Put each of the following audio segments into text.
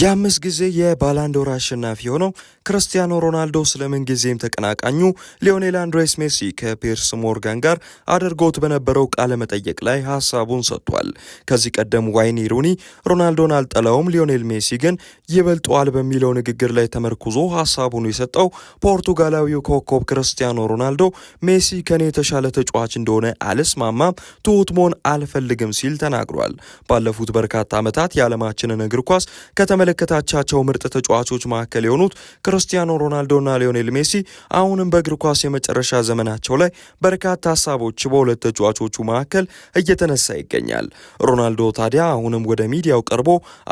የአምስት ጊዜ የባላንዶር አሸናፊ የሆነው ክርስቲያኖ ሮናልዶ ስለምን ጊዜም ተቀናቃኙ ሊዮኔል አንድሬስ ሜሲ ከፔርስ ሞርጋን ጋር አድርጎት በነበረው ቃለ መጠየቅ ላይ ሀሳቡን ሰጥቷል። ከዚህ ቀደም ዋይኒ ሩኒ ሮናልዶን አልጠላውም፣ ሊዮኔል ሜሲ ግን ይበልጠዋል በሚለው ንግግር ላይ ተመርኩዞ ሀሳቡን የሰጠው ፖርቱጋላዊው ኮከብ ክርስቲያኖ ሮናልዶ ሜሲ ከኔ የተሻለ ተጫዋች እንደሆነ አልስማማም፣ ትሑት መሆን አልፈልግም ሲል ተናግሯል። ባለፉት በርካታ ዓመታት የዓለማችንን እግር ኳስ ከተመ ከተመለከታቻቸው ምርጥ ተጫዋቾች መካከል የሆኑት ክርስቲያኖ ሮናልዶና ሊዮኔል ሜሲ አሁንም በእግር ኳስ የመጨረሻ ዘመናቸው ላይ በርካታ ሀሳቦች በሁለት ተጫዋቾቹ መካከል እየተነሳ ይገኛል። ሮናልዶ ታዲያ አሁንም ወደ ሚዲያው ቀርቦ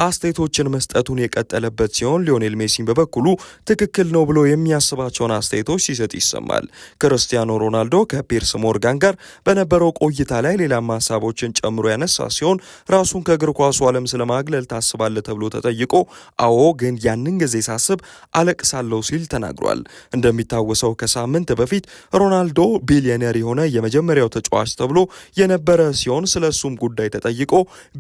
አስተያየቶችን መስጠቱን የቀጠለበት ሲሆን ሊዮኔል ሜሲን በበኩሉ ትክክል ነው ብሎ የሚያስባቸውን አስተያየቶች ሲሰጥ ይሰማል። ክርስቲያኖ ሮናልዶ ከፒርስ ሞርጋን ጋር በነበረው ቆይታ ላይ ሌላም ሀሳቦችን ጨምሮ ያነሳ ሲሆን ራሱን ከእግር ኳሱ ዓለም ስለማግለል ታስባለ ተብሎ ተጠይቆ አዎ ግን ያንን ጊዜ ሳስብ አለቅሳለሁ ሲል ተናግሯል። እንደሚታወሰው ከሳምንት በፊት ሮናልዶ ቢሊዮነር የሆነ የመጀመሪያው ተጫዋች ተብሎ የነበረ ሲሆን ስለ እሱም ጉዳይ ተጠይቆ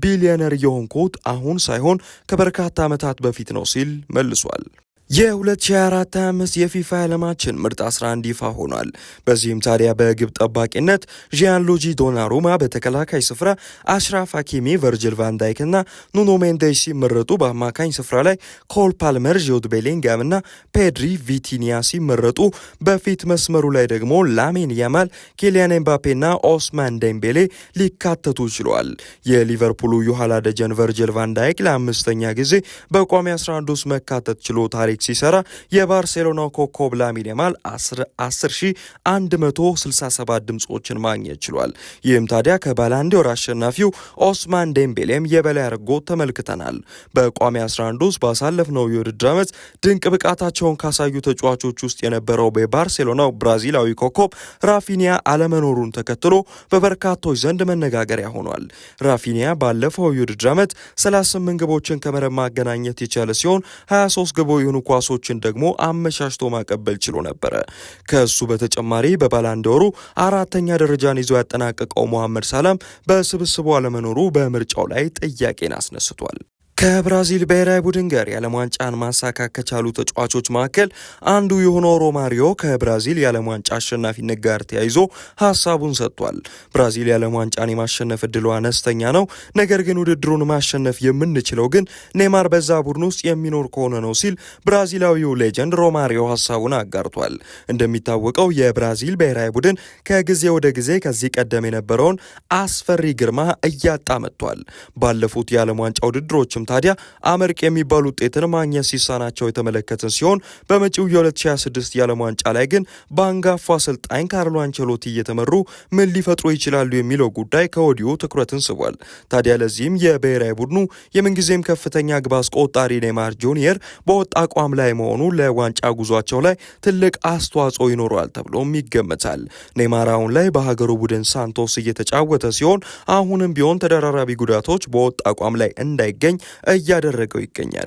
ቢሊዮነር የሆንኩት አሁን ሳይሆን ከበርካታ ዓመታት በፊት ነው ሲል መልሷል። የ2024/25 የፊፋ የዓለማችን ምርጥ 11 ይፋ ሆኗል። በዚህም ታዲያ በግብ ጠባቂነት ሎጂ ዶናሩማ፣ በተከላካይ ስፍራ አሽራፍ ሀኪሚ፣ ቨርጅል ቫንዳይክ እና ኑኖ ሜንዴስ ሲመረጡ፣ በአማካኝ ስፍራ ላይ ኮል ፓልመር፣ ጂዩድ ቤሊንጋም እና ፔድሪ ቪቲኒያ ሲመረጡ፣ በፊት መስመሩ ላይ ደግሞ ላሚን ያማል፣ ኪሊያን ኤምባፔ እና ኦስማን ዴምቤሌ ሊካተቱ ችለዋል። የሊቨርፑሉ የኋላ ደጀን ቨርጅል ቫንዳይክ ለአምስተኛ ጊዜ በቋሚ 11 ውስጥ መካተት ችሎ ታሪክ ሀትሪክ ሲሰራ የባርሴሎናው ኮከብ ላሚን ያማል 10167 ድምፆችን ማግኘት ችሏል። ይህም ታዲያ ከባላንዲዮር አሸናፊው ኦስማን ዴምቤሌም የበላይ አድርጎ ተመልክተናል። በቋሚ 11 ውስጥ ባሳለፍነው የውድድር ዓመት ድንቅ ብቃታቸውን ካሳዩ ተጫዋቾች ውስጥ የነበረው በባርሴሎናው ብራዚላዊ ኮከብ ራፊኒያ አለመኖሩን ተከትሎ በበርካቶች ዘንድ መነጋገሪያ ሆኗል። ራፊኒያ ባለፈው የውድድር ዓመት 38 ግቦችን ከመረብ ማገናኘት የቻለ ሲሆን 23 ግቦ የሆኑ ኳሶችን ደግሞ አመቻችቶ ማቀበል ችሎ ነበረ። ከእሱ በተጨማሪ በባላንዶሩ አራተኛ ደረጃን ይዞ ያጠናቀቀው መሐመድ ሳላም በስብስቡ አለመኖሩ በምርጫው ላይ ጥያቄን አስነስቷል። ከብራዚል ብሔራዊ ቡድን ጋር የዓለም ዋንጫን ማሳካት ከቻሉ ተጫዋቾች መካከል አንዱ የሆነው ሮማሪዮ ከብራዚል የዓለም ዋንጫ አሸናፊነት ጋር ተያይዞ ሀሳቡን ሰጥቷል። ብራዚል የዓለም ዋንጫን የማሸነፍ እድሉ አነስተኛ ነው፣ ነገር ግን ውድድሩን ማሸነፍ የምንችለው ግን ኔማር በዛ ቡድን ውስጥ የሚኖር ከሆነ ነው ሲል ብራዚላዊው ሌጀንድ ሮማሪዮ ሀሳቡን አጋርቷል። እንደሚታወቀው የብራዚል ብሔራዊ ቡድን ከጊዜ ወደ ጊዜ ከዚህ ቀደም የነበረውን አስፈሪ ግርማ እያጣ መጥቷል። ባለፉት የዓለም ዋንጫ ውድድሮችም ቡድኖችም ታዲያ አመርቅ የሚባል ውጤትን ማግኘት ሲሳናቸው የተመለከትን ሲሆን በመጪው የ2026 የዓለም ዋንጫ ላይ ግን በአንጋፋ አሰልጣኝ ካርሎ አንቸሎቲ እየተመሩ ምን ሊፈጥሩ ይችላሉ የሚለው ጉዳይ ከወዲሁ ትኩረትን ስቧል። ታዲያ ለዚህም የብሔራዊ ቡድኑ የምንጊዜም ከፍተኛ ግብ አስቆጣሪ ኔይማር ጁኒየር በወጥ አቋም ላይ መሆኑ ለዋንጫ ጉዟቸው ላይ ትልቅ አስተዋጽኦ ይኖረዋል ተብሎም ይገመታል። ኔይማር አሁን ላይ በሀገሩ ቡድን ሳንቶስ እየተጫወተ ሲሆን አሁንም ቢሆን ተደራራቢ ጉዳቶች በወጥ አቋም ላይ እንዳይገኝ እያደረገው ይገኛል።